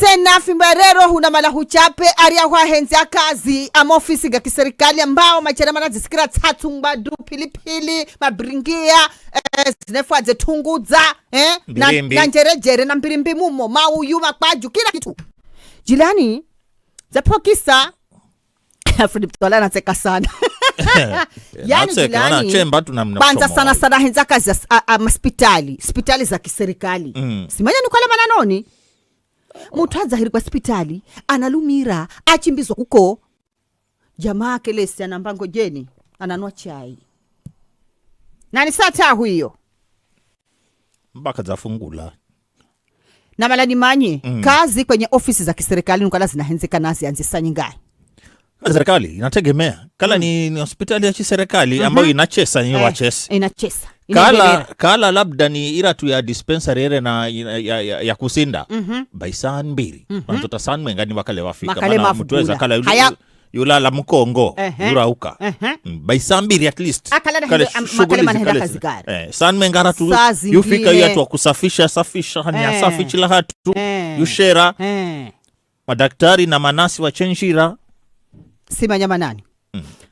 Sena fimberero hunamala huchape ariahwa henzi akazi amaofisi ga kiserikali ambao macheramana zisikira tsatsu ngbadu philiphili mabiringiya eh, zinefu zinefwadze thungudza eh, na, na njerejere na mbirimbi mumo mauyu makwaju kila kitu jilani zaphokisa Alfred Mtwala anacheka sana yani jirani kwanza sana sana henza kazi maspitali spitali za kiserikali mm. simanya nikolemana mananoni mutu adzahiri kwa sipitali analumira achimbizwa kuko jamaa ake lesi anamba ngojeni ananwa chai nani saa tahu iyo mpaka dzafungula na malani manye mm. kazi kwenye ofisi za kiserikali nukala zinahenzeka nazi anzisanyingai ngai serikali inategemea kala mm. ni, ni hospitali ya chiserikali mm -hmm. ambayo inachesa ni eh, wachesa inachesa kala, kala labda ni ira tu ya dispensary ere na ya, ya, ya, ya kusinda mm -hmm. by saa mbili mm -hmm. manzota saa mengani wakale wafika maana mtuweza kala yule Haya yulala mkongo huh mm, by saa mbili at least eh, sanmengara tu yufika yatu akusafisha safisha eh. haniasafi chila hatu eh. yushera eh. madaktari na manasi wachenjira simanyamanani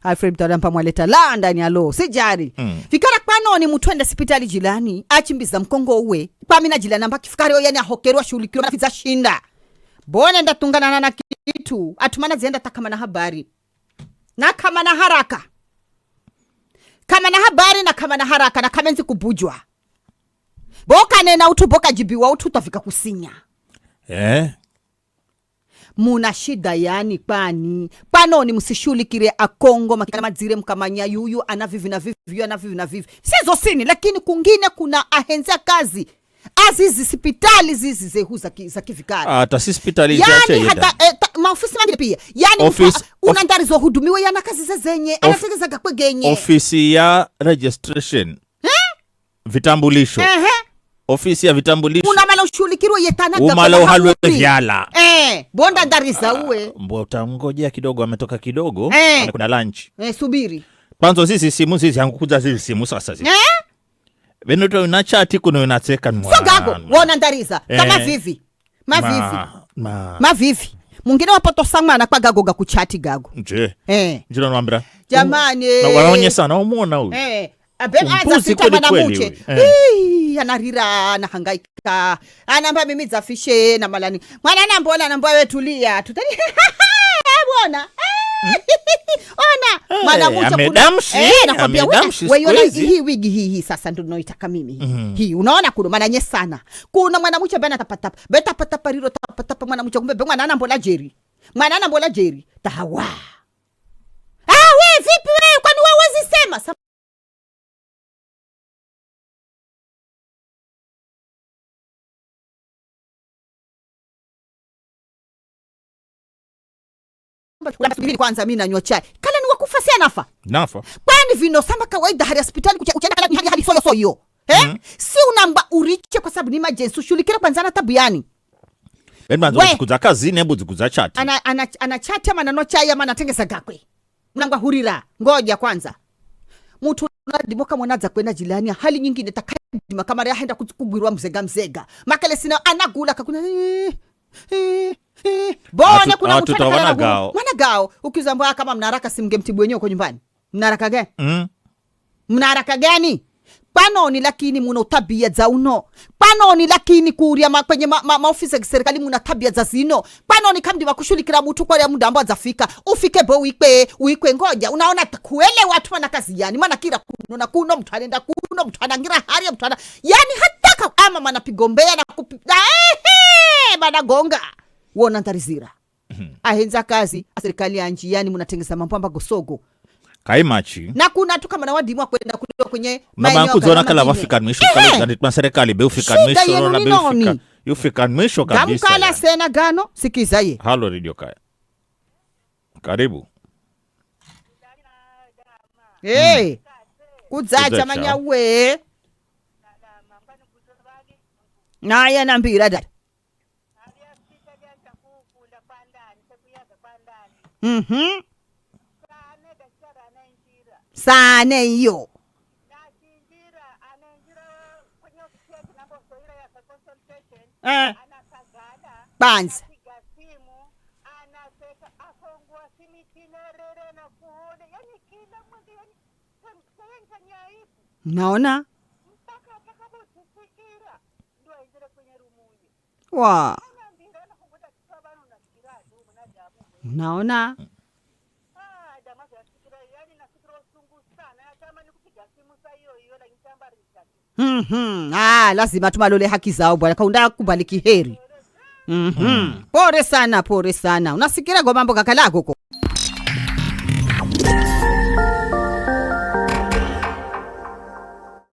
alfred mtalampa mwaleta la ndani alo sijari mm. fikara kpanoni muthu enda sipitali jilani achimbiza mkongo uwe pamina jilani amba kifikari yo yani ahokerwa shughulikiwa za shinda bona ndatungana na kitu atumana zienda takama na habari na kama na haraka kama na habari na kama na haraka na kamenzi kubujwa bokanena uthu bokajibiwa uthu utafika kusinya eh muna shida yani pani pano ni akongo makina madzire mkamanya yuyu ana vivi na vivi yuyu ana vivi na vivi sizo sini, lakini kungine kuna ahenzea kazi azizi sipitali zizi zehu za kivikari hata ah, si sipitali yani hata eh, maofisi mangine pia yani una ndari yana kazi ze zenye anategezaga kwegenye ofisi ya registration eh? vitambulisho eh ofisi ya vitambulisho yetana umalohalwe vyala eh, bonda ndariza ah, uwe mbwa, utamngojea kidogo, ametoka kidogo eh, kuna lunch eh, subiri panzo sisi simu sisi angukuza sisi simu sasa sisi eh? venoto una chati kuno unatseka sogago wona ndariza eh, kamavivi mavivi ma, ma. mavivi mungine wapotosa mwana kwa gago gakuchati gago nje eh njira nwambira jamani na na umuona huyu eh abeka azasita mwana muche eh. Hii anarira nahangaika anamba mimi zafishe na malani mwana nambola namba wewe tulia tutani eh, bwana eh, ona eh, mwanamshamedamshi hii wigi hii hii sasa ndo mimi mhm. hii unaona kuno mananye sana kuna mwanamucha bana tapatapa betapatapa riro tapatapa mwanamucha kumbe mwana mbola jeri mwana mbola jeri tawa ah vipi we kwani wawezi subiri kwanza, mimi nanywa chai kale ni wakufa si anafa nafa kwani vinosamba kawaida hali hospitali kuchenda kala hali hali soyo soyo eh mm si unamba uriche kwa sababu ni emergency ushulikira kwanza na tabu yani siku kazini hebu zikuza chati ana, ana, ana chati ama nanwa chai ama natengesa gakwe mnangwa hurira ngoja kwanza mutu nadimoka mwanadza kwenda jilani hali nyingine takadima kamari ahenda kugwirwa mzega mzega makale sina anagula kakuna ee, ee. Bona kuna tutaona gao. Mana gao ukiuza mbwa kama mnaraka simgemtibu wenyewe uko nyumbani. Mnaraka gani? Mm. Mnaraka gani? Panoni lakini muna tabia za uno. Panoni lakini kuria ma, kwenye ma, ma, maofisi ya serikali muna tabia za zino. Panoni kandi bakushulikira mtu kwa ya muda ambao azafika. Ufike bo wikwe, wikwe ngoja. Unaona kuele watu wana kazi yani. Maana kila kuno na kuno mtu anaenda kuno mtu anangira hali mtu ana. Yani hata kama manapigombea na kupita. Eh, eh, bana wona ndarizira mhm. ahenza kazi aserikali ya yani munatengeza mambo amba gosogo kaimachi nakuna tu kama wadimu akwenda kuliwa kwenye nabankudzona kala wafika vafikanwisho kalaitwa eh! serikali beufikanwisho na beufika yufikanwisho kabisa gamkala sena gano sikiza ye halo radio kaya karibu hey, eh! mm. kudzacha manyauwe naya nambira dada Mhm. Sana hiyo eh. Banza naona wa Unaona mhm. Ah, lazima tumalole haki zao bwana, kaunda kubaliki heri. Mm -hmm. Pore sana, pore sana. Unasikira go mambo kakalako